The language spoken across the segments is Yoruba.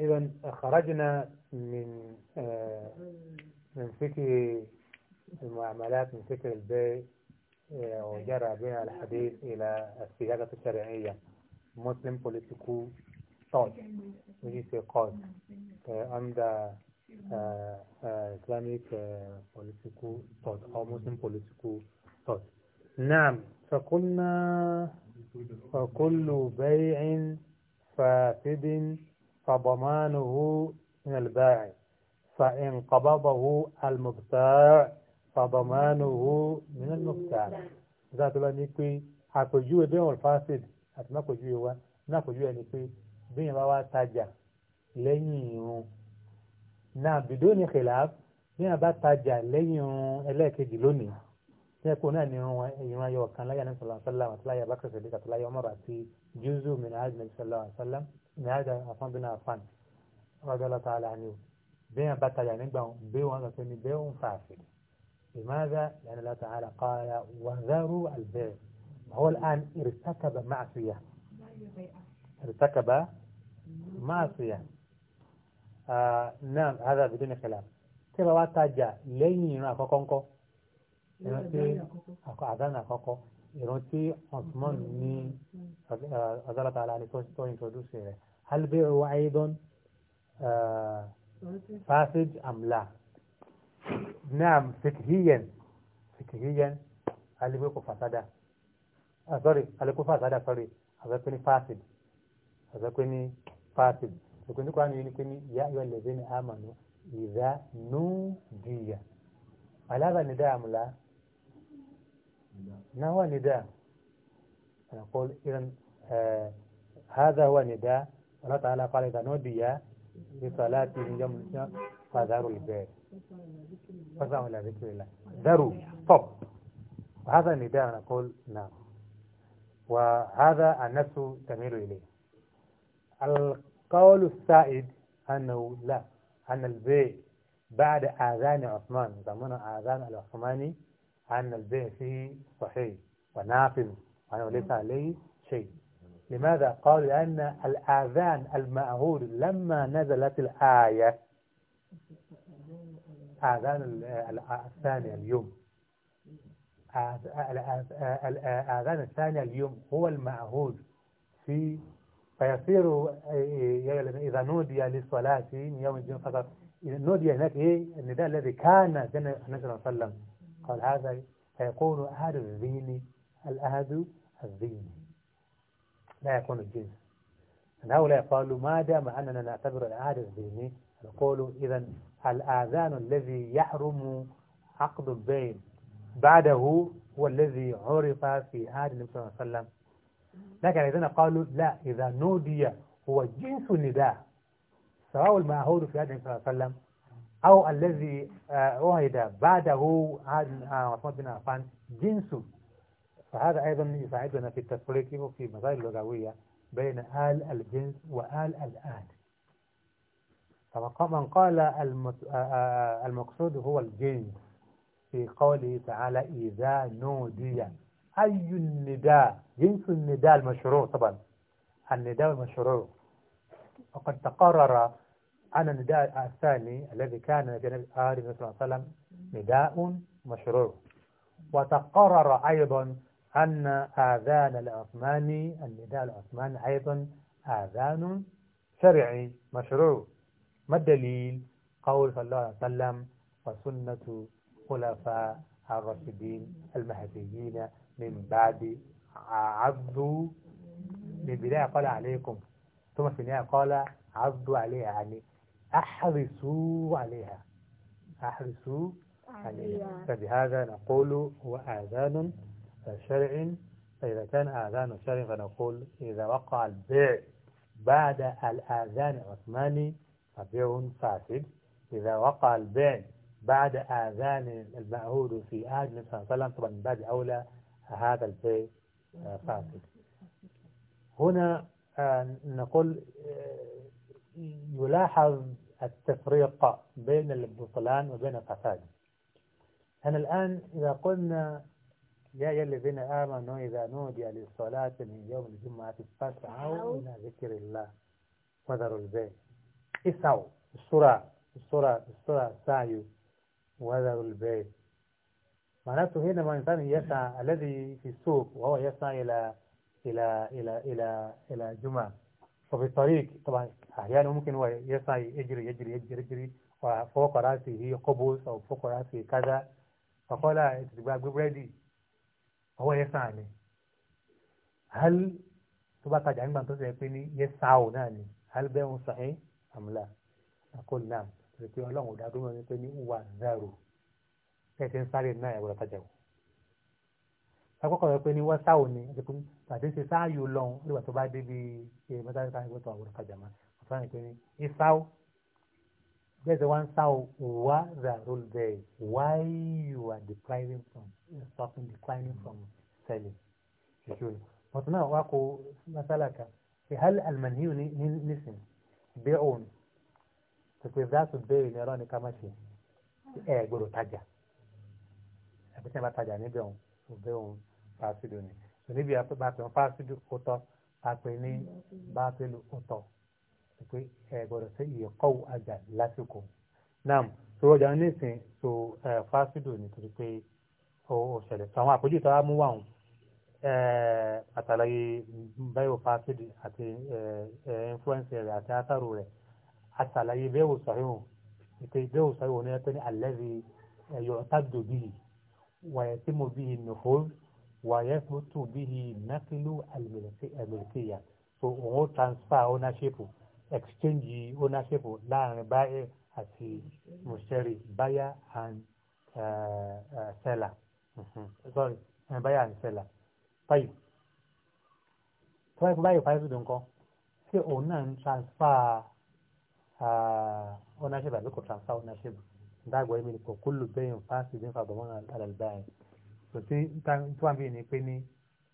إذا خرجنا من آه، من فكر المعاملات من فكر البيع آه، وجرى بنا الحديث إلى السياقة الشرعية مسلم بوليتيكو طول وجي في قول عند إسلاميك بوليتيكو طول أو مسلم بوليتيكو طول نعم فقلنا فكل بيع فاسد فضمانه من البائع فإن قبضه المبتاع فضمانه من المبتاع ذات الأنيكي àpèjúwe bí wọn fásit àti mápèjúwe wa náà àpèjúwe ni pé bí yẹn bá wá tajà lẹ́yìn irun náà bìdó ní khilaf bí yẹn bá tajà lẹ́yìn irun ẹlẹ́ẹ̀kejì lónìí tí ẹ̀kọ́ náà ní irun irun ayọ̀ kan láyà ní sọ̀lá sọ́lá àti láyà bákẹ́sẹ̀ àti láyà ọmọ àti jésù mìíràn àti nàìjíríà sọ́lá ní àìdá afán bí náà fàn rọ́jọ́ lọ́ta ara ni o bí wọn bá tajà nígbà wọn bí wọn lọ sí ni bí wọn fà sí لماذا؟ لأن الله تعالى قال وذروا البيع هو الآن ارتكب معصية ارتكب معصية آه نعم هذا بدون خلاف كيف واتجا لين ينا كوكونكو ìrántí àdánà àkọ́kọ́ ìrántí osman ní ọ̀dọ́lọ́ta aláàlẹ́ tó introduce rẹ̀ هل بيعه أيضا فاسد أم لا نعم فقهيا فقهيا هل بيعه فسادة آه سوري هل بيعه فسادة سوري هذا كوني فاسد هذا كوني فاسد لكن كان يقول يا أيها الذين آمنوا إذا نودي على هذا نداء أم لا؟ ما هو أنا أقول إذا آه هذا هو نداء الله تعالى قال إذا نودي لصلاة يوم فذروا البيع فذروا إلى ذكر الله ذروا طب وهذا النداء نقول نعم وهذا النفس تميل إليه القول السائد أنه لا أن البيع بعد آذان عثمان يسمونه آذان العثماني أن البيع فيه صحيح ونافذ وأنه ليس عليه شيء لماذا؟ قال لأن الآذان المأهول لما نزلت الآية آذان الثانية اليوم الآذان الثانية اليوم هو المأهول في فيصير إيه، إيه، إذا نودي للصلاة يوم الدين فقط نودي هناك إيه النداء الذي كان بين النبي صلى الله عليه وسلم قال هذا فيقول أهل الذين الأهد الذين لا يكون الجنس هؤلاء قالوا ما دام أننا نعتبر العادة الديني نقول إذا الآذان الذي يحرم عقد البين بعده هو الذي عرف في عهد النبي صلى الله عليه وسلم لكن إذا قالوا لا إذا نودي هو جنس النداء سواء المعهود في عهد النبي صلى الله عليه وسلم أو الذي عهد آه، بعده عهد آه، عثمان بن عفان جنسه فهذا أيضا يساعدنا في التفريق وفي مسائل لغوية بين آل الجنس وآل الآن فمن قال المقصود هو الجنس في قوله تعالى إذا نودي أي النداء جنس النداء المشروع طبعا النداء المشروع وقد تقرر أن النداء الثاني الذي كان بين آل صلى الله عليه وسلم نداء مشروع وتقرر أيضا أن آذان العثماني النداء العثماني أيضا آذان شرعي مشروع ما الدليل قول صلى الله عليه وسلم وسنة خلفاء الراشدين المهديين من بعد عضوا من بداية قال عليكم ثم في النهاية قال عضوا عليها يعني أحرصوا عليها أحرصوا عليها فبهذا نقول هو آذان شرع فإذا كان آذان شرع فنقول إذا وقع البيع بعد الآذان العثماني فبيع فاسد إذا وقع البيع بعد آذان المعهود في عهد النبي صلى الله عليه وسلم طبعا من باب أولى هذا البيع فاسد هنا آه، نقول آه، يلاحظ التفريق بين البطلان وبين الفساد أنا الآن إذا قلنا يا الذين آمنوا إذا نودي للصلاة من يوم الجمعة فاسعوا إلى ذكر الله وذروا البيع اسعوا السرعة السرعة السرعة سعيوا وذروا البيع معناته هنا ما الإنسان يسعى الذي في السوق وهو يسعى إلى إلى إلى إلى إلى جمعة وفي الطريق طبعا أحيانا ممكن هو يسعى يجري يجري يجري يجري وفوق رأسه قبوس أو فوق رأسه كذا فقال تبقى بريدي ọwọ́ yẹ sáà ni hal tó bá tajà nígbà tó sẹ pé ní yẹ sáà náà ni hal bẹ́ẹ̀ ń sàhín àmúlà àkó náà rẹ̀ pé ọlọ́run ò dáadọ́ mọ́ pé ní wà zero tẹ̀sẹ̀ ń sáré náà ẹ̀wọ̀n tajà o akọ́kọ́ rẹ̀ pé ní wọ́n sáà ò ní ẹ̀sẹ̀ pé tàbí ṣe sáà yóò lọ́hùn nígbà tó bá débi ẹ̀ mọ́tàkà ìwọ́tọ̀ àwòrán tajà máa ọ̀sán ìpínlẹ̀ ìsáà There's the one sow wa the rule there. Why you are depriving from stopping declining from selling. Sure. But now wako masalaka. هل المنهي نسم بيعون تكويف ذات البيع نيراني كما شيء ايه قولوا تاجا أبسنا ما تاجا نبيعون وبيعون فاسدوني فنبيع باتن فاسد أطو باتن باتن أطو pé ẹ gbọ́dọ̀ sí ìyẹ̀kọ́ àjà lásìkò náà sọ̀rọ̀ ọjà nísìn so fásidò nítorí pé ó ṣẹlẹ̀ sọ àwọn àpèjì tó wá mú wà wọn àtàlàyé bẹ́ẹ̀ fásidì àti influence rẹ̀ àti átàrò rẹ̀ àtàlàyé bẹ́ẹ̀ wò sọ̀rọ̀ ìpè bẹ́ẹ̀ wò sọ̀rọ̀ ní ẹgbẹ́ ní alẹ́bí ẹ̀yọ̀ tábìlì bíi wàyẹ̀tìmù bíi nìfọ́ wàyẹ̀tìmù bíi nàkìlú àlùmìlìkìyà so òun ó transfer ownership exchange ownership láàrin buyer àti mùsẹ̀rì buyer and uh, uh seller mm-hmm. sorry uh, buyer and seller báyìí tó báyìí báyìí báyìí tó dùn kọ́ ṣé òun náà ń transfer uh, ownership àbí kò transfer ownership dágbọ́ ẹ̀mí ni kò kúlù bẹ́yìn fásitì ní fàbọ̀mọ́ àdàlùbáyìí kò sí tí wọ́n bí ní pé ní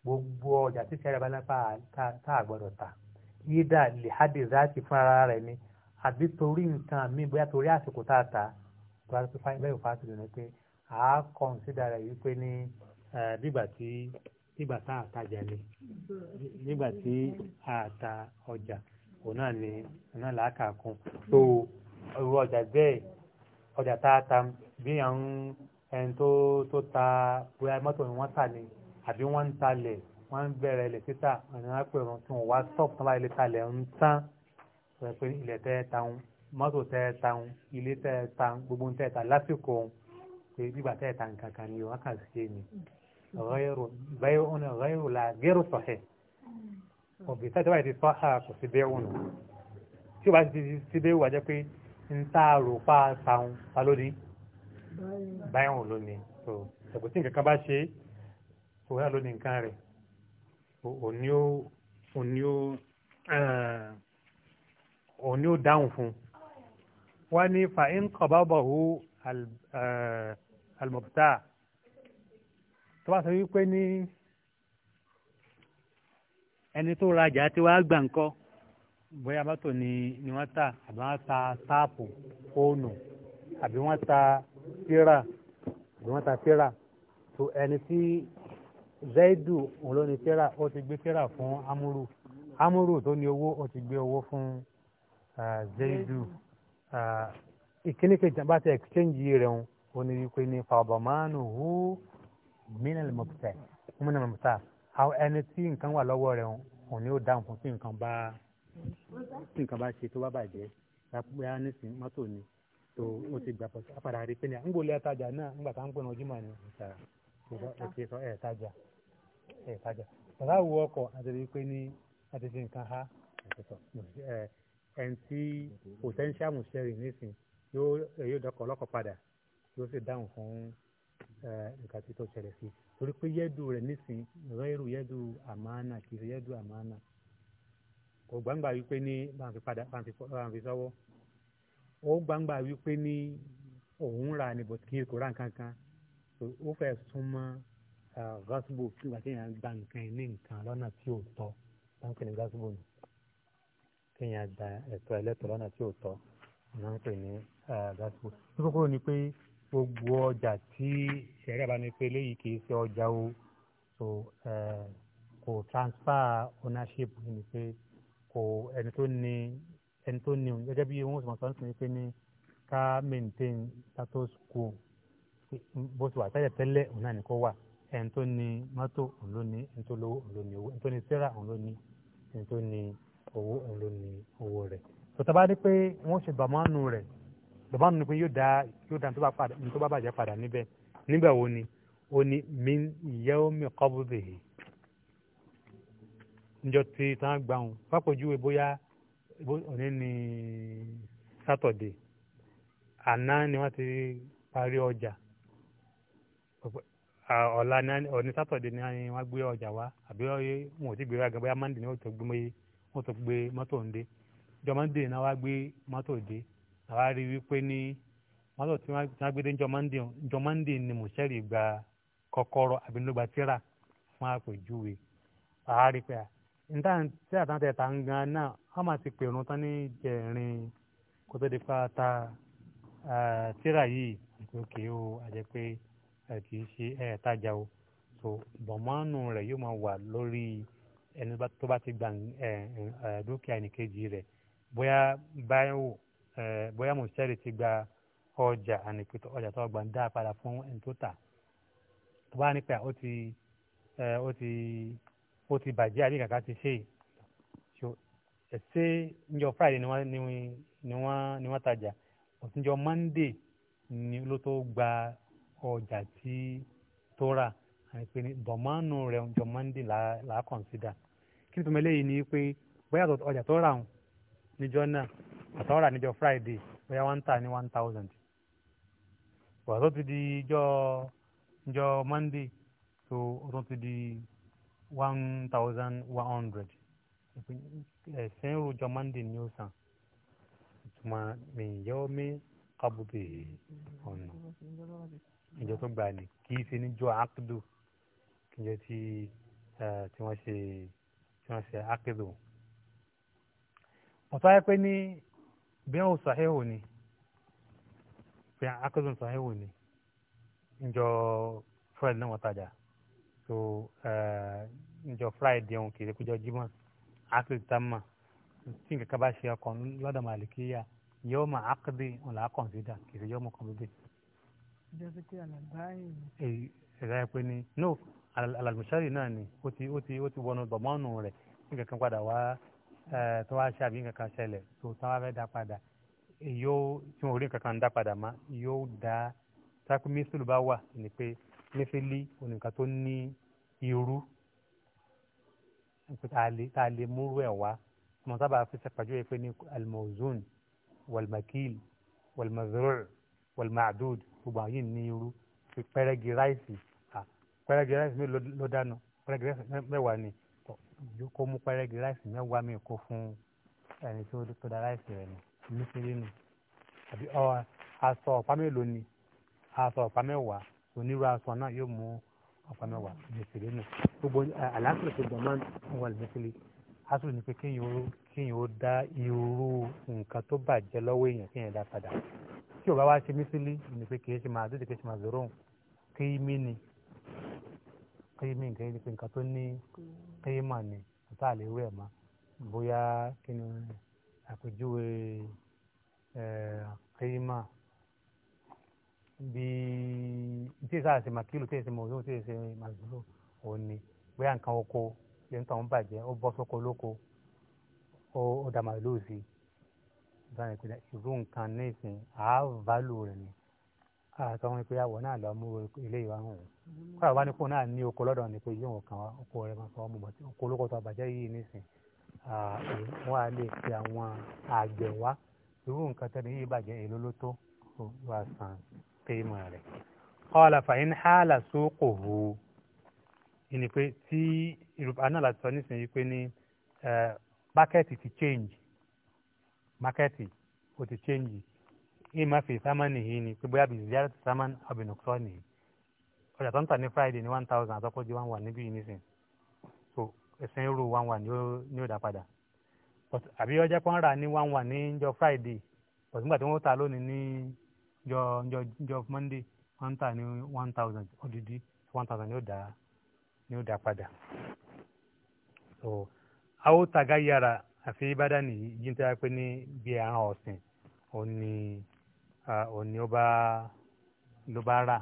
gbogbo ọjà tí sẹ́rẹ̀ bá lápá tá àgbọ̀dọ̀ ta yídà lè hádì záàtì fún ara rẹ̀ ni àbí torí nǹkan mi bóyá torí àsìkò tá a ta bẹ́ẹ̀ fásitì lónìí pé à á kọ̀ǹsídà rẹ̀ wípé ní bígbà tí bígbà tá a tajà ni nígbà tí a ta ọjà òun náà ni òun náà là á kà kún tó irú ọjà bẹ́ẹ̀ ọjà tá a ta bí àwọn ẹni tó ta bóyá mọ́tò ni wọ́n tà ni àbí wọ́n ń talẹ̀ wọ́n ń bẹ̀rẹ̀ ilẹ̀ títà ọ̀nà àpẹẹrẹ tí wọ́n wá stop tán bá ilé talẹ̀ ń tán sọ pé ilẹ̀ tẹ́ taun mọ́tò tẹ́ taun ilé tẹ́ taun gbogbo tẹ́ ta lásìkò pé bíbà tẹ́ ta nǹkan ni wọ́n kàn sí ni bẹ́ẹ̀ ọ̀nà rẹ́rù la gẹ́rù sọ̀hẹ́ òbí tẹ́ tẹ́wàá ti sọ́hà kò sí bẹ́ẹ̀ ọ̀nà tí o bá ti ti bẹ́ẹ̀ wà jẹ́ pé ń tá a rò òní ó òní ó òní ó dáhùn fún wọ́n ní fa in qababahu al-mubta tó bá sọ wípé ní ẹni tó rajà tí wàá gbà ńkọ́ bóyá mọ́tò ni ni wọ́n tà àbí wọ́n ta táàpù fóònù àbí wọ́n ta tíra àbí wọ́n ta tíra tó ẹni tí zaidu òun ló ní tíra ó ti gbé tíra fún amúrù amúrù tó ní owó ó ti gbé owó fún zaidu ìkíní kejì bá ti exchange rẹ̀ ń ó ní wípé ní fàbọ̀mánu hu minal mọ̀tà minal mọ̀tà àwọn ẹni tí nǹkan wà lọ́wọ́ rẹ̀ ń òun ni ó dáhùn fún tí nǹkan bá tí nǹkan bá ṣe tó bá bàjẹ́ bóyá nísìnyí mọ́tò ni tó o ti gbà pàṣẹ pé ní à ń gbòòlẹ́ ẹ̀tajà náà ńgbà tá à ń pè ní ojúmọ̀ ni ẹ̀ tajà. ẹ̀ tajà bàbá wo ọkọ̀ àtẹ̀lé pé ní nǹkan ha ẹn tí potential musharing nísìn yóò yóò ọlọ́kọ̀ padà yóò sì dáhùn fún nǹkan tí tó ṣẹlẹ̀ sí torí pé yẹ́dù rẹ̀ nísìn rẹ́rù yẹ́dù àmàna kiri yẹ́dù kò gbangba wípé ní sọ́wọ́ ó gasbo kígbà téèyàn gba nǹkan ní nǹkan lọ́nà tí ò tọ́ wọ́n ní gasbo nù téèyàn gba ẹ̀tọ́ ẹlẹ́tọ̀ lọ́nà tí ò tọ́ wọ́n pè ní gasbo. kókó ni pé gbogbo ọjà tí ṣẹ̀rẹ́ bá ní pé léyìí kì í ṣe ọjà o so kò transfer ownership ni pé kò ẹni tó ní ẹni tó ní gẹ́gẹ́ bí wọ́n sọ̀rọ̀ sọ̀rọ̀ sí pé ní ká maintain status quo bó ti wà tẹ́lẹ̀ tẹ́lẹ̀ òun náà ni kó wà ẹni tó ní mọ́tò òun ló ní ẹni tó lówó òun ló ní owó ẹni tó ní tẹ́rà òun ló ní ẹni tó ní owó òun ló ní owó rẹ̀ tọ́tà bá dé pé wọ́n ṣe bàmánu rẹ̀ bàmánu ni pé yóò dá yóò dá ní tó bá bàjẹ́ padà níbẹ̀ nígbà wo ni ó ní mi ìyá omi kọ́bùdè níjọ tí tán gbà wọn fàpọ̀júwe bóyá òní ni sátọ̀dé àná ni wọ́n ti parí ọjà ọ̀la ọ̀ní sátọ̀dé ni wọ́n gbé ọjà wá àbí wọn ti gbé ọjà bóyá mọ́ndé ni wọ́n tó gbé mọ́tò jọ mọ́ndé ni wọ́n gbé mọ́tò dé wípé ní mọ́tò tí wọ́n gbé dé jọ mọ́ndé ni mọ̀ṣẹ́rì gba kọ́kọ́rọ́ àbí ló tíra fún àpèjúwe pé tí ta ń gan náà wọ́n máa ti tán ní ẹ kì í ṣe ẹ tajà o so bọ̀mọ́nù rẹ̀ yóò máa wà lórí ẹni tó bá ti gba dúkìá ẹnìkejì rẹ̀ bóyá báyìí bóyá mọ̀ṣẹ́rì ti gba ọjà ànìpẹ̀tọ̀ ọjà tó gbà ń dá padà fún ẹni tó tà tó bá nípa ó ti ó ti ó ti bàjẹ́ àbí kàkà ti ṣe ṣe njọ friday ni wọ́n ni wọ́n ni wọ́n tajà òtúnjọ monday ni ló tó gba ọjà tí tó rà àìpé ní dọ̀mánù rẹ̀ ọjọ́ monday là á kọ̀nsídà kí ni tòun eléyìí ni pé bóyá ọjà tó rà ń níjọ́ náà àtọ́ rà níjọ́ friday bóyá wọ́n ń tà ní one thousand bọ̀ tó ti di ijọ́ ijọ́ monday tó o tó ti di one thousand one hundred ẹ̀sìn rújọ monday ni ó san ìtumọ̀ mi yọ mí kábùbì ọ̀nà. ìjọ tó gbà ní kì í ṣe níjọ àkùdù ìjọ tí tí wọ́n ṣe tí wọ́n ṣe àkùdù. ọ̀tọ́ ayé pé ní bí wọ́n sàhéhù ni pé àkùdù sàhéhù ni ìjọ fúrẹ́dì náà wọ́n tajà so ìjọ fúráìdì ọ̀hún kì í ṣe kújọ jimá àkùdù tá a mọ̀ tí nǹkan kan bá ṣe ọkàn lọ́dọ̀ màlìkíyà yóò mọ̀ àkùdù ọ̀là kọ̀ǹsídà kì í ṣe yóò mọ̀ kọ̀ǹsídà jẹ́sí pé àlàbáyé. èyí ẹ̀ka ẹ̀ pé ni no alàlùmọ́sárì náà ni ó ti ó ti ó ti wọnú gbọ̀mọ́nù rẹ̀ ní kankan padà wá tó wá ṣàbí kankan ṣẹlẹ̀ tó tó wá fẹ́ dá padà yóò tí wọn ò rí kankan dá padà má yóò dá sáku mísìlù bá wà ní pé mísìlì onìkan tó ní irú tá a lè múrú ẹ̀ wá mo sábà fi ṣàpàjọ́ yẹ pé ní almozun walmakil walmazur gbogbo àyè ní irú pẹrẹgì ráìsì pẹrẹgì ráìsì mi ló dáná pẹrẹgì ráìsì mẹ́wàá ni kó mú pẹrẹgì ráìsì mẹ́wàá mi kó fún ẹni tó da ráìsì rẹ nù nítorí nù àbí ọ aṣọ ọ̀pá mélòó ni aṣọ ọ̀pá mẹ́wàá onírú aṣọ náà yóò mú ọ̀pá mẹ́wàá mẹsìlẹ̀ nù gbogbo àlàáfíà tó gbọ̀n máa ń wà mẹsìlẹ̀ aṣọ ni pé kéèyàn ó dá irú nǹkan tó bàjẹ́ lọ́wọ́ èèyàn kéèyàn dá padà tí ò bá wá ṣe mísílì ní pé kìí ṣe máa dúdú kìí ṣe máa zòrò kéyí mí ni kéyí mí nǹkan pé nǹkan tó ní kéyí mà ni ọ̀tá àléwé ẹ̀ má bóyá kí ni àpèjúwe kéyí mà bí tí èsì àti màkìlù tí èsì mọ̀ọ́dún tí èsì màzúlò òun ni bóyá nǹkan oko ṣe ń tàn ń bàjẹ́ ó bọ́ sóko lóko ó dà màlúù sí báyìí pé irú nǹkan nísìn àá válù rẹ̀ ni àtọ́ wọn pé àwọn náà lọ mú eléyìí wá hàn kọ́ra wá ní kó náà ní oko lọ́dọ̀ ni pé yóò kàn wá oko rẹ̀ máa fọwọ́ mú bọ́ tí oko olóko tó àbàjẹ́ yìí nísìn wọ́n á lè fi àwọn àgbẹ̀ wá irú nǹkan tẹ́lẹ̀ yìí bàjẹ́ èlò ló tó wá san kéémà rẹ̀. kọ́lá fàyín hàlà sóko hù ni pé tí irúfẹ́ anáàlà sọ nísìnyí pé ní bákẹ́ẹ̀tì ti change maketi o ti change yìí máa fi ni pé bóyá bìí ziyara ti sámánì ọbẹ̀ nùkúrọ̀ nìyí ọjà tó ń friday ni one thousand àtọ́kọ́ di one one níbí yìí nísìn so ẹ̀sìn irú one one ni ó dá padà but àbí ọjà kan rà ní one one ní jọ friday but nígbà tí wọ́n ni lónìí ní jọ jọ jọ monday wọ́n tà one thousand odidi one thousand ni ó dá ni ó dá padà so àwọn tàgá àfi bàdà nìyí yìí tó yà pé ní bí àwọn ọ̀sìn òní òní ó bá ló bá rà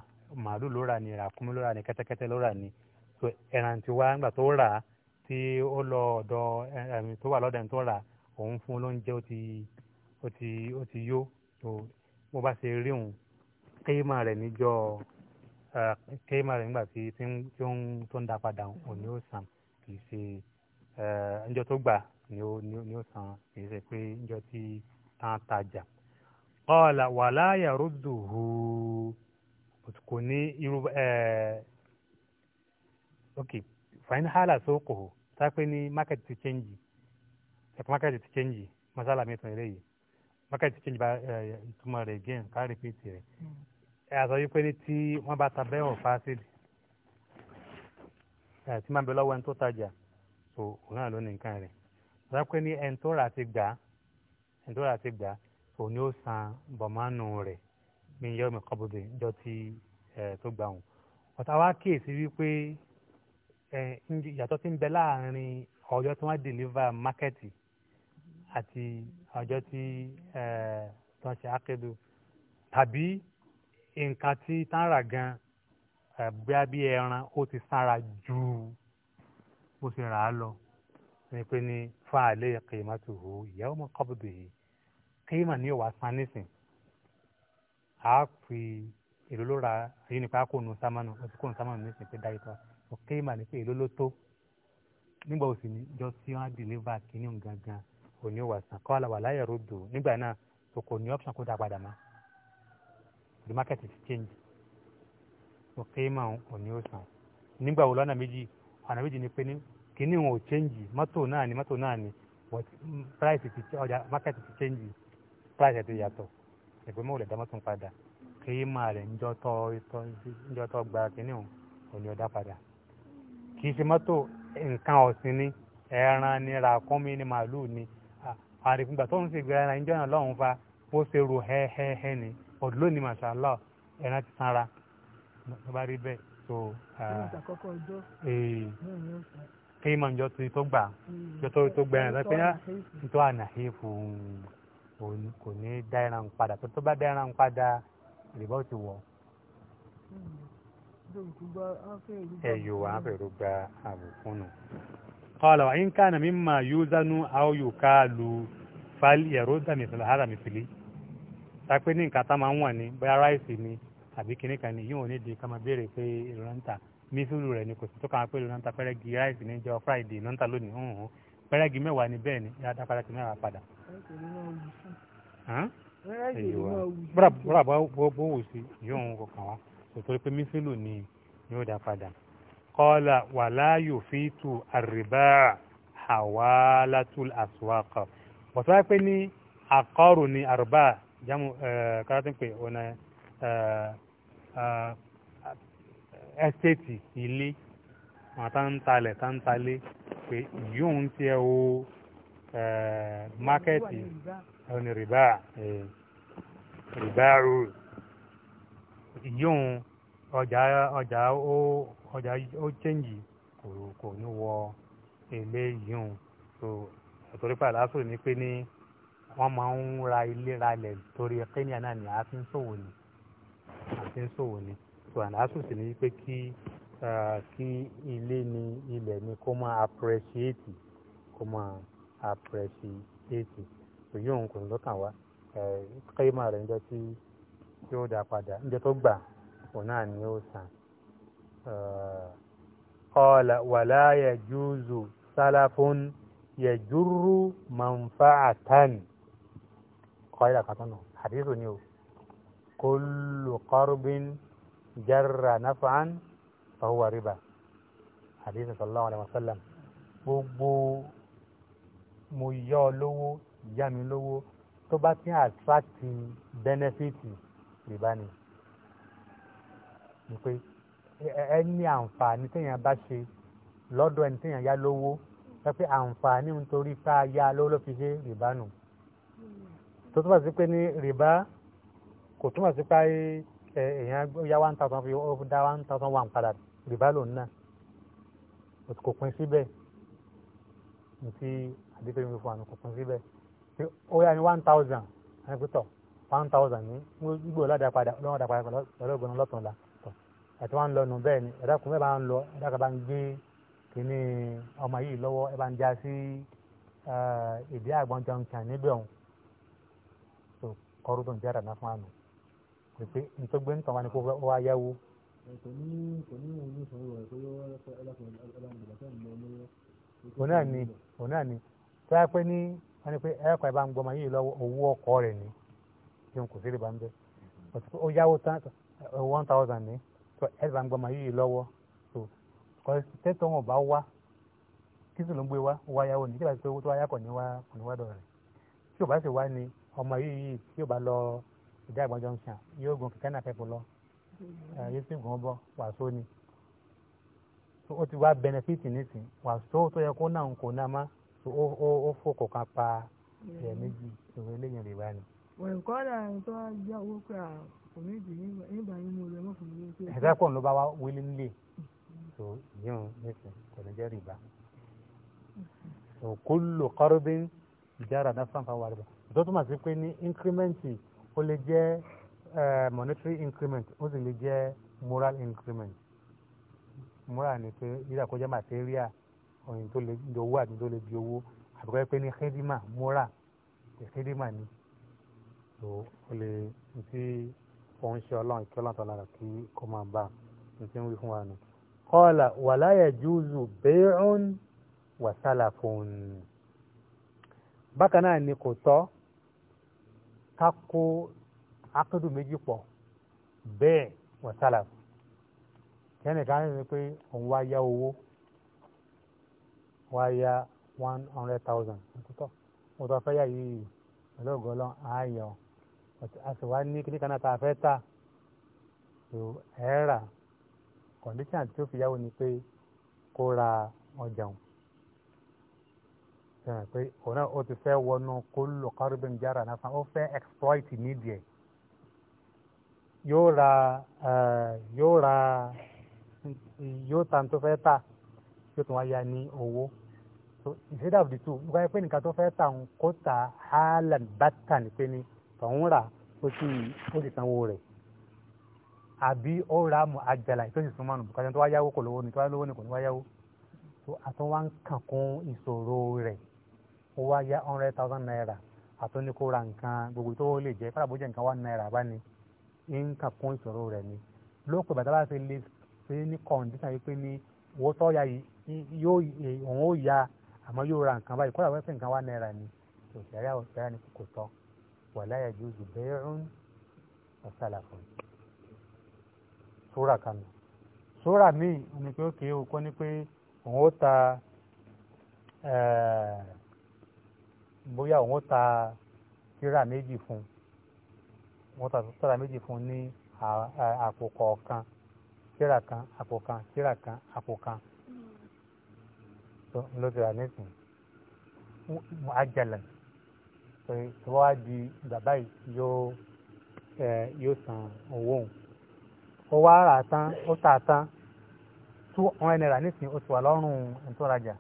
màálù ló rà ní ràkúnmí ló rà ní kẹ́tẹ́kẹ́tẹ́ ló rà ní so ẹran tí wá ńgbà tó rà tí ó lọ ọ̀dọ̀ ẹ̀mí tó wà lọ́dọ̀ tó rà òun fún olóúnjẹ ó ti ó ti ó ti yó so bó bá ṣe rí òun kéèmà rẹ̀ níjọ́ kéèmà rẹ̀ nígbà tí tí ń tó ń da padà òní ó sàn kì í ṣe ẹ̀ẹ́dẹ́jọ́ tó gbà ni ó ni ó san kì í ṣe pé níjọ tí tán tajà ọ̀là wàlá yàrúdùhù kò ní irú ok fain hala sóko tá a pé ní market ti change ẹ̀ka market ti change masala mi tàn eléyìí market ti change bá ìtumọ̀ rẹ̀ again ká repeat rẹ̀ ẹ̀ hmm. àtọ́ yìí pé ní tí wọ́n bá ta bẹ́ẹ̀ wọ̀ fásit ẹ̀ tí máa bẹ lọ́wọ́ ẹni tó tajà so òun náà ló ní nǹkan rẹ̀ sọ pé ní ẹni tó rà ti gbà ẹni tó rà ti gbà òun ni ó san bọ̀mánu rẹ̀ mi yọ mi kọ́ jọ ti tó gbà wọn. ọ̀tá wa kíyèsí wípé ìyàtọ̀ ti ń bẹ láàrin ọjọ́ tí wọ́n deliver mákẹ́tì àti ọjọ́ tí wọ́n ṣe ákédo tàbí nǹkan tí tán rà gan bóyá bí ẹran ó ti sára ju bó ṣe rà á lọ ní pé ní fa àlẹ́ qimatuhu yawma qabdihi qima ní òwà san nísìn a fi èlò ló ra èyí nípa kó nu sámánu ó ti kó nu sámánu nísìn pé dáyìí tó so qima ní pé èlò ló tó nígbà òsì ní jọ tí wọn á deliver kínní gangan òní òwà san kọ́ àlàwà láyẹ̀ rodo nígbà náà so kò ní option kó dá padà mọ́ the market is changed so qima òní ó nígbà wo lọ́nà méjì ọ̀nà méjì ni pé ní kìíní wọn ò chẹ́ǹjì mọ́tò náà ni mọ́tò náà ni but price ti ọjà market ti chẹ́ǹjì price ẹ̀ tó yàtọ̀ ẹ̀gbẹ́ mọ́wòlẹ̀ dá mọ́tò padà kí máa rẹ̀ ńjọ́ tọ́ gba kìíní wọn ò ní ọ̀dá padà kì í ṣe mọ́tò nǹkan ọ̀sìn ni ẹran ni ràkúnmí ni màálù ni àrègbùgbà tó ń ṣe ìgbéra ẹran ìjọ́ náà lọ́hùn-ún fa bó ṣe ro hẹ́hẹ́hẹ́ ni ọ̀dọ́ lónìí màṣáláà ẹran ti sanra ló bá rí bẹ́ẹ̀ so. Ah, ìgbà àkọ́kọ́ ọjọ́ eh, náà ni ó sọ kéèmọ̀ ìjọ mm. tó tó gbà ìjọ tó tó gbà ẹ̀rọ pé tó ànàhí fún un kò ní dá ẹran padà tó tó bá dá ẹran padà ìrìbọ̀ ti wọ̀. Mm. ẹ̀yọ̀ wà á fẹ̀rù gba àbùkún nù. قال وإن كان مما يوزن أو يكال فليرد مثل هذا مثلي tàpé ní nǹkan tá máa ń wọ̀n ni bóyá ráìsì ni àbí kinní kan ni yóò ní di ká máa béèrè pé ìrora ń tà mísúlù rẹ̀ ni kò sí tó kàn án pé lónà ń ta pẹ́rẹ́gì ráìsì níjọ fúráìdè ló ń ta lónìí hùn hùn pẹ́rẹ́gì mẹ́wàá ni bẹ́ẹ̀ ni yàtá pẹ́rẹ́gì mẹ́wàá padà. búra bá bó wù sí yóò ń kàn wá sòtò pé mísúlù ni yóò dá padà. kọ́lá wàlá yóò fi tu àrìbá hawalatul aswaq bọ̀tọ́ wá pé ní àkọ́rù ni àrùbá jámù kárátí pé ọ̀nà ẹ́stéètì ilé àwọn tá ń talẹ̀ tá ń talé pé yóò ń tiẹ̀ o mákẹ́tì ẹni rìbá rìbá rú yóò ọjà ọjà ó ọjà ó chẹ́ǹgì kò kò ní wọ ilé yóò so torí pé àlàáfò ní pé ní wọ́n máa ń ra ilé ra lẹ̀ torí kíni àná ni àá fi ń ṣòwò ni àá fi ń ṣòwò ni so àlàásù sì ni pé kí kí ilé ni ilẹ̀ ni kó máa appreciate kó máa appreciate èyí òun kò ní lọ́kàn wá kéèmà rẹ̀ níjọ́ tí yóò dá padà níjọ́ tó gbà òun náà ni yóò sàn. قال ولا يجوز سلف يجر منفعة قال كتنو حديث نيو كل قرب jarra naf'an fahuwa riba hadith sallallahu alayhi wa sallam gbogbo mo yọ ọ lówó ìyá mi lówó tó bá ti attract benefit riba ni pé ẹni àǹfààní téèyàn bá ṣe lọ́dọ̀ ẹni téèyàn yá lówó pé àǹfààní nítorí tá yá lówó ló fi ṣe rìbá nù tó túmọ̀ sí pé ní rìbá kò túmọ̀ sí pé èèyàn ya one thousand fi ó dá one thousand one padà rìbá lòun náà kò pin síbẹ̀ ntí àdìpẹ́mi fún àná kò pin síbẹ̀ ó yá ní one thousand ẹni pé tọ̀ one thousand ní gbogbo ọlọ́dà padà ọlọ́dà padà ọlọ́gbọ̀n lọ́tàn la tọ̀ ẹ̀tọ́ wa ń lọ nù bẹ́ẹ̀ ni ẹ̀dá kùn bẹ́ẹ̀ bá ń lọ ẹ̀dá kan bá ń gbé kínní ọmọ yìí lọ́wọ́ ẹ̀ bá ń já sí ìdí àgbọ̀njọ́ nǹkan níbẹ̀ òun kọ́rú ń jẹ́ àdàná fún àná pé ntọ́gbẹ́ ntọ́ wa ni kó wá yáwó. òun náà ni òun náà ni tí a pẹ́ ní wọ́n ní pé ẹ̀ẹ́kọ̀ ẹ̀ bá ń gbọ́mọ yìí lọ́wọ́ owó ọkọ̀ rẹ̀ ni tí n kò sí lè bá ń bẹ́ ó yáwó tán one thousand ní tó ẹ̀ bá ń gbọ́mọ yìí lọ́wọ́ tó kọ́ tẹ́tọ́ wọn bá wá kí sì ló ń gbé wá wá yáwó ni tí bá ti pé owó tó wá kọ̀ ní wá kọ̀ ní wá dọ̀rẹ̀ tí ò bá sì wá ni ọmọ yìí yìí tí ò bá lọ ìjà ìgbọ́n junction yóò gun kẹ̀kẹ́ náà pẹ̀pù lọ yóò sì gun bọ́ wàásù ni ó ti wá bẹnẹfìtì nísìn wàásù tó yẹ kó náà ń kó náà má ó fòkò kan pa ẹ̀ méjì ìwé eléyìí rè wá ni. òǹkọ́ là ń tọ́ jẹ́ owó pé òní ìdí nígbà yín mo lè mọ̀ fún mi. ẹ̀sẹ̀ pọ̀ ló bá wá wílí nílé tó yíyún nísìn kò ní jẹ́ rìbá. òkú lò kọ́rọ́bí ìjára náà fáńfà wà rẹ̀ bá tó pé ní íńkírímẹ́ǹtì ó lè jẹ́ eh, monetary increment ó sì lè jẹ́ moral increment moral ni pé yíyá kó jẹ́ material ọ̀yìn tó lè di owó àti tó lè di owó àbúkọ́ pé ní xedima moral xedima ni so o lè ti òun ṣe ọlọ́run kí ọlọ́run tó lára kí kó máa bá ní tí ń wí fún wa nù. kọ́ọ̀là wàláyà júùzù bẹ́ẹ̀rún wàsálà fún un. bákan náà ni kò tọ́ ká kó akédù méjì pọ̀ bẹ́ẹ̀ wọ́n sálà kẹ́nìkan ní ni pé òun wá yá owó wá yá one hundred thousand nítòtọ́ mo tọ́ fẹ́ yá yìí pẹ̀lú ògọ́lọ́ ààyàn a sì wá ní kíníkan náà tá a fẹ́ tà tó ẹ̀ rà kọ̀ǹdíṣàn tí ó fi yáwó ni pé kó ra ọjà òun sẹ́wọ̀n pé òun náà ó ti fẹ́ wọnú kólú kárùbìn jára náà fún ó fẹ́ exploit media yóò ra yóò ra yóò ta tó fẹ́ tà yóò tún wá ya ní owó so instead of the two wáyé pé nìkan tó fẹ́ tà ń kó ta haaland bàtà ní pé ni tọ̀hún rà ó sì ó sì sanwó rẹ̀ àbí ó ra mu àjàlá tó sì súnmọ́nù bùkátà tó wá yáwó kò lówó ni tó wá lówó ni kò ní wá yáwó so àtúnwá ń kàn kún ìṣòro rẹ̀ ó wá yá hundred thousand naira àtúnikó ra nǹkan gbogbo tó lè jẹ́ kọ́ra bó nǹkan one naira bá ní ń kà kún ìṣòro rẹ̀ ni lópin bàtà bá ti lè ṣe ní kọ̀ǹdíṣà yìí pé ní owó tó ya yóò òun ó ya àmọ́ yóò ra nǹkan báyìí kọ́ra wẹ́sẹ̀ nǹkan one naira ni kò sẹ́rẹ́ àwọn sẹ́rẹ́ ni kò tọ́ wala yajuzu bay'un wa sóra kanu sóra míì ni pé ó kéwòn kọ́ ni pé òun ó ta ẹ̀ẹ́. Eh, bóyá òun ta tíra méjì fún òun ta tíra méjì fún ní àpò kọ̀ọ̀kan tíra kan àpò kan tíra kan àpò kan ló ti rà nísìn mo àjẹlẹ̀ pé wọ́n di bàbá yìí yóò yóò san owó òun ó wá rà tán ó tà tán two hundred naira nísìn ó ti wà lọ́rùn ẹni tó rajà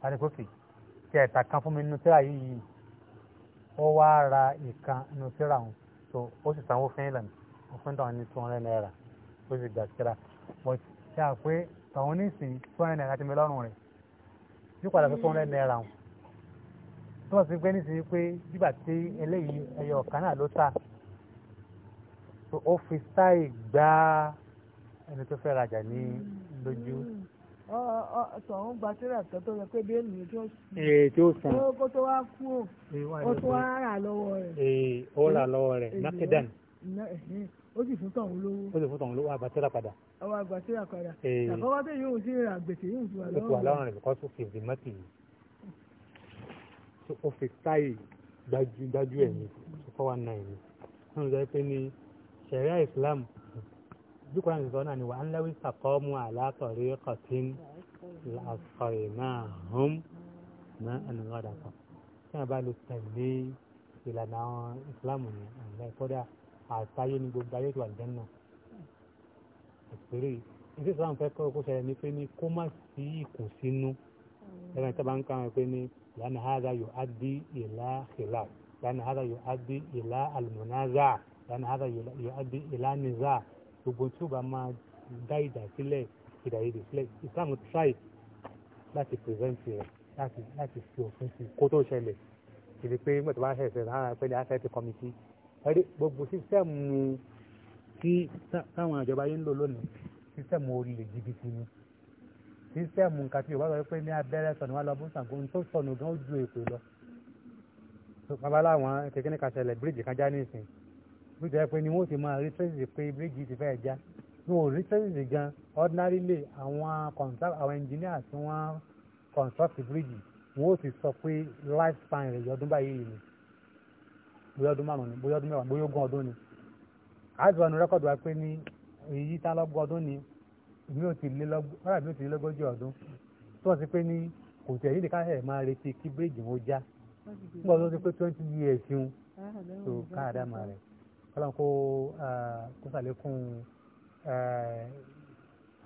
tani kò fì kẹta kan fún mi nínú tíra yìí yìí ó wá ra ìkan nínú tíra òun so ó sì sanwó fún ìlànà òfin tàn ní two hundred naira ó sì gbà síra but ṣe à pé tàwọn oníṣìn two hundred naira ti mi lọ́rùn rẹ̀ yóò padà sí two hundred naira òun tó wọ́n ti gbé nísìnyí pé nígbà tí eléyìí ẹyọ ọ̀kan náà ló tà ó fi sáì gbá ẹni tó fẹ́ rajà ní lójú tọ̀hún gbàtẹ́rà kan tó yẹ pé bẹ́ẹ̀ nìyẹn tó sùn. ee tí ó sàn. kó tó wá kú o ó tó wá rà lọ́wọ́ rẹ̀. ee ó rà lọ́wọ́ rẹ̀ nákẹ́dàn. ó sì fún tọ̀hún lówó. ó sì fún tọ̀hún lówó àgbàtẹ́rà padà. àwọn àgbàtẹ́rà padà. ee àkọ́kọ́ tó yóò sí ra gbèsè yóò sì wà lọ́wọ́ rẹ̀. ó ti wà lọ́rùn rẹ̀ because ó fi zimati ó fi táyì dájú ẹ̀ ní four one nine ní. wọ́n sọ pé ní sẹ̀ríà ìsìlámù dúkúrà nìsọ náà ni wà á ń lẹ́wí sàkọ́mù àlátọ̀rí kọ̀tín làkọ̀rì náà hùm náà ẹnìyàn dàpọ̀ tí wọ́n bá lè tẹ̀lé ìlànà àwọn ìsìláàmù ní àlẹ́ kódà àtayé ní gbogbo ayé tó wà lẹ́nu náà àṣírí ìdí ìsìláàmù fẹ́ kọ́ ṣẹlẹ̀ ní pé ní kó má sí ìkùnsínú ẹ̀rọ ìtọ́ba ń kàn pé ní lẹ́nu hàdà yóò á dí ìlà ìlà lẹ́nu hàdà yóò á dí ìlà àlùmọ́nà gbogbo tí ó bá máa dá ìjà sílẹ̀ ìjà èdè sílẹ̀ islam try láti prevent rẹ̀ láti láti fi òfin sí kó tó ṣẹlẹ̀ ìdí pé mọ̀tò bá ṣẹ̀ṣẹ̀ lára pẹ̀lú asset committee ẹ̀rí gbogbo system tí táwọn ìjọba yẹn ń lò lónìí system olè jìbìtì ni system nǹkan tí yorùbá sọ pé ní abẹ́rẹ́ sọ̀nù wà lọ bó sàǹkó tó sọ̀nù gan ó ju èpè lọ babaláwọn kékeré kan ṣẹlẹ̀ bíríìjì kan já ní ìsìn bí tẹ́ pé ni wọ́n ti máa rí tẹ́sìtì pé bíríìjì ti fẹ́ já wọn ò rí tẹ́sìtì gan ordinary lay àwọn àwọn engineer tí wọ́n construct bíríìjì wọn ò ti sọ pé life span rẹ̀ yọdún báyìí ni bóyá ọdún márùn ni bóyá ọdún mẹ́wàá bóyá ogún ọdún ni àìsàn ọ̀nà rẹ́kọ̀dù wa pé ní èyí tá lọ́gbọ́ ọdún ni mi ò ti lé lọ́gbọ́ ọ̀rà mi ò ti lé lọ́gọ́jì ọdún tí wọ́n ti pé ní kò tẹ̀ yìí nìkan ẹ̀ máa retí kí bíríìjì wọn já nígbà tó ti pé twenty years ń ah, so káàdá máa rẹ̀ kọ́lọ́n kó kó sàlékún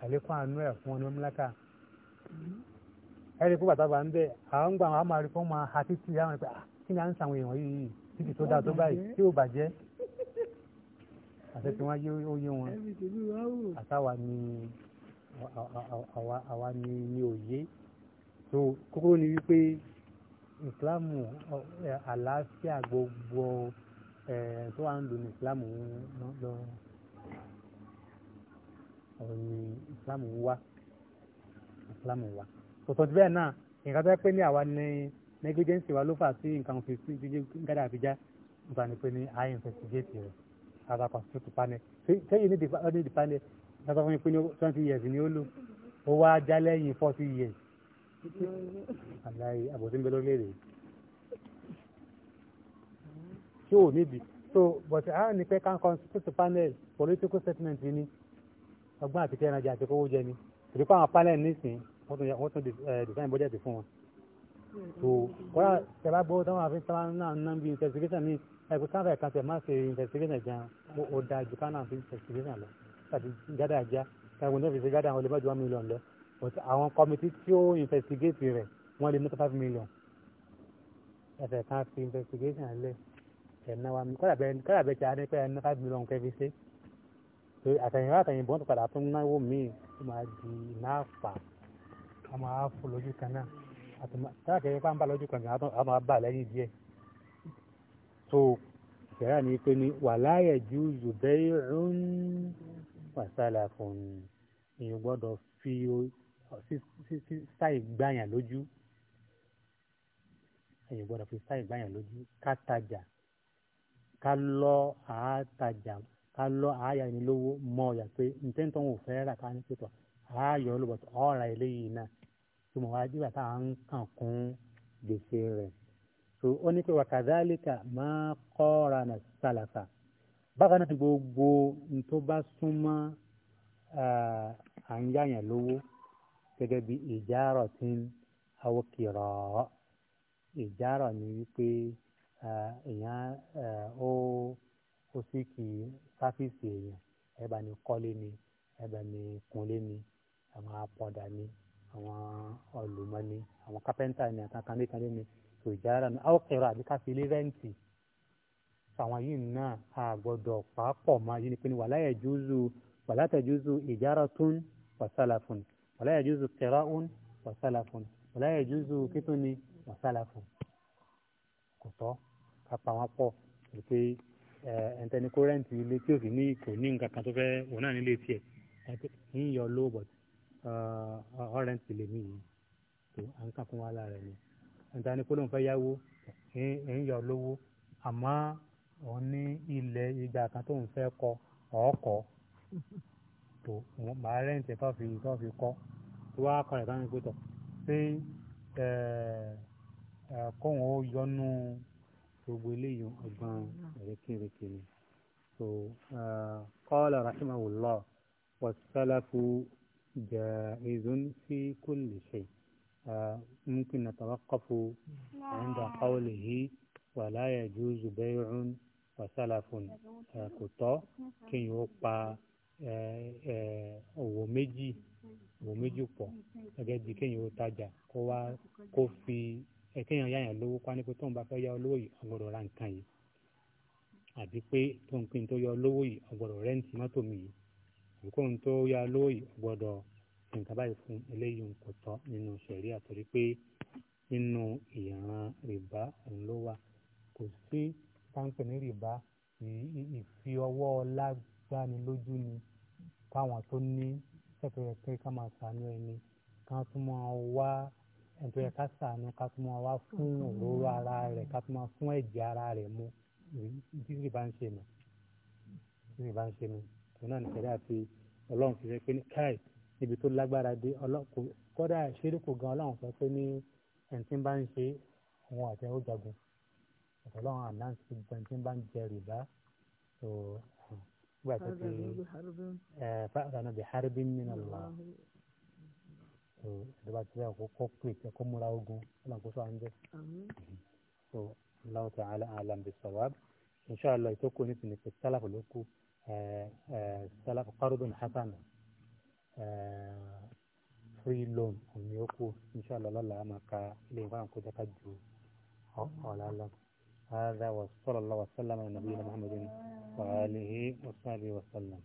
àlékún àánú ẹ̀ fún wọn ní mọ́míláka ẹ̀rí kó bàtà bá ń bẹ̀ àwọn gbà wọn á máa rí fún wọn àti tí àwọn ẹ̀pẹ́ kí ni à ń sàwọn èèyàn yìí títí tó dáa tó báyìí tí ó bàjẹ́ àti tí wọ́n yé ó wọn àtàwà ni àwa ni ni òye so kókó ni wípé ìsìláàmù àlàáfíà gbogbo. Eh, tó wà ń lò ní islam lọ ọ̀rọ̀ ní islam wá islam wá tòtò tí bẹ́ẹ̀ náà nǹkan tó yẹ pé ní àwa ní negligence wa ló fà sí nǹkan fi sí jíjẹ gádà àfijá nípa ni pé ní i investigate rẹ̀ as a constitute panel sẹ́yìn ní ọdún panel lọ́sọ̀ fún mi pé ní twenty years ni ó lò ó wá já lẹ́yìn forty years. àlàyé àbòsí ń bẹ lórílẹ̀ èdè yìí tí ò níbi so but a ní pé can constitute panel political statement ni ọgbọ́n àti kẹrin ajá àti kówó jẹ ni torí pé àwọn panel nísìn wọ́n tún design budget fún wọn so kọ́lá tẹ̀bá gbọ́ táwọn àfi sábà náà ń ná bí investigation ní ẹgbẹ́ sábà kan tẹ̀ má ṣe investigation gan ó da jù kánà fi investigation lọ tàbí gádà ajá ẹgbẹ́ náà fi ṣe gádà àwọn olùbọ́jú one million lọ but àwọn committee tí ó investigate rẹ̀ wọ́n lè mú tó five million ẹ̀fẹ̀ kan fi investigation lẹ̀ ẹ̀ná wa kọ́dà bẹ́ẹ̀ tí a ní pé ẹ̀ná five million kẹ́ fi ṣe pé àtẹ̀yìnwá àtẹ̀yìnbó tó padà tún náwó míì tó máa di iná àpà a máa fò lójú kan náà táà kẹ́kẹ́ pàǹpà lójú kan náà a máa bà lẹ́yìn díẹ̀ so ìṣẹ̀rá ni pé ní wàláyẹ̀ ju zùbẹ́rì ń wàsálà fún ìyẹn gbọ́dọ̀ fi sáì gbàyàn lójú ẹ̀yìn gbọ́dọ̀ fi sáì gbàyàn lójú ká ka lọ àátajà ká lọ àáyanilówó mọ ọ̀yà pé ntẹ́ntọ́ wọn ò fẹ́ rà ká ní pẹ̀tọ̀ àáyọ̀ olùbọ̀tọ̀ ọ̀rà eléyìí náà tó mọ̀ wá dìgbà tá à ń kàn kún gbèsè rẹ̀ tó ó ní pé wàkàdálíkà máa kọ́ra nà bákan náà gbogbo tó suma súnmọ́ à ń yáyàn lówó gẹ́gẹ́ bí ìjárọ̀ tí ń ìjárọ̀ ni wípé. Eh, èèyàn eh, ó ó sì kì í sáfíìsì èèyàn ẹ̀bà ni kọ́lé ni ẹ̀bà ni kunlé ni àwọn apọ̀dà ni àwọn ọ̀lùmọ́ ni àwọn kápẹ́ńtà ni àtàkàndékàndé ni tòjára ni àwòkẹ́rọ àbí káfí ilé rẹ́ǹtì àwọn yìí náà a gbọ́dọ̀ pàápọ̀ máa yí ni pé ni wàláyà júùsù wàláyà júùsù ìjára tún wàsálàfún wàláyà júùsù kẹráún wàsálàfún wàláyà júùsù kíkún ni wàsálàfún kò tọ́ kápá wọn pọ̀ pé ẹ̀ǹtẹ́ni kórẹ́ǹtì ilé tí òsì ní kò ní nǹkan kan tó fẹ́ òun náà nílé tiẹ̀ ń yọ lówó bọ̀t ọ̀rẹ́ǹtì lè mí yìí tó à ń kà fún wa lára ẹni ẹ̀ǹtẹ́ni kórẹ́ǹtì fẹ́ yáwó ń yọ lówó àmọ́ òun ní ilẹ̀ ìgbà kan tó fẹ́ kọ ọ̀ọ́kọ́ tó màá rẹ́ǹtì tó fi tó fi kọ́ tó wá kọ́ rẹ̀ mi gbé tọ̀ pé kóun ó yọnu gbogbo eléyìí ọgbọ́n ẹ̀rẹ́kẹ̀rẹ́kẹ̀ ni. so uh, qala rahimahullah wasalafu jaizun fi kulli shay uh, mumkin natawaqafu inda qawlihi wala yajuzu bay'un wasalafun uh, kò tọ́ kéèyàn ó pa òwò méjì òwò méjì pọ̀ gẹ́gẹ́ bí kéèyàn ó tajà kó wá kó fi ẹ̀kẹ́yàn yáyàn lówó kó ní pé tóun bá fẹ́ yá olówó yìí ọgbọ́dọ̀ ra nǹkan yìí àbí pé tóun pin tó yá olówó yìí ọgbọ́dọ̀ rẹ́ǹtì mọ́tò mi yìí àbí kóun tó yá olówó yìí ọgbọ́dọ̀ nǹkan báyìí fún eléyìí kò tọ́ nínú sẹ̀rí àtọ́rí pé nínú ìran rìbá òun ló wà kò sí táǹpẹ̀ ní rìbá ìfi ọwọ́ lágbánilójú ni káwọn tó ní sẹ́kẹ̀rẹ̀kẹ́ ká máa sàánú ẹni ká tún máa wá ẹ̀tọ́ yẹ ká sànù ká tó máa wá fún òróró ara rẹ̀ ká tó máa fún ẹ̀jẹ̀ ara rẹ̀ mu títí bá ń ṣe nù títí bá ń ṣe nù òun náà nìkẹ́rẹ́ àti ọlọ́run ti rẹ pé ní káì níbi tó lágbára dé kódà ṣeréko gan ọlọ́run sọ pé ní ẹ̀ǹtí bá ń ṣe òun àti ẹ̀rọ jagun ọ̀tọ̀ ọlọ́run àdáǹtí gbogbo ẹ̀ǹtí bá ń jẹ rìbá tó gbà ẹ̀ fáwọn ọ̀nà bíi harbin so ìjọba ti yà kó pèsè kó múra ogun ọlọ́nkóso à ń bẹ̀. so Allahu ta'ala a'lam bis-sawab inshallah ìtókò ní sinmi pé sálàfù ló kú sálàfù kárùbùn hasan free loan òní ó kú inshallah lọ́la a máa ka ilé ìwà àwọn kọjá ká ju ọ̀la lọ. هذا وصلى الله وسلم على نبينا محمد وآله وصحبه وسلم